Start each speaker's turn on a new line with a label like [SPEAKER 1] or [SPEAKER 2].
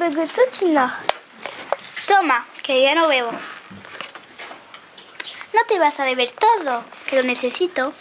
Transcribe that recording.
[SPEAKER 1] abogototino. Toma, que ya no bebo. No te vas a beber todo, que lo necesito.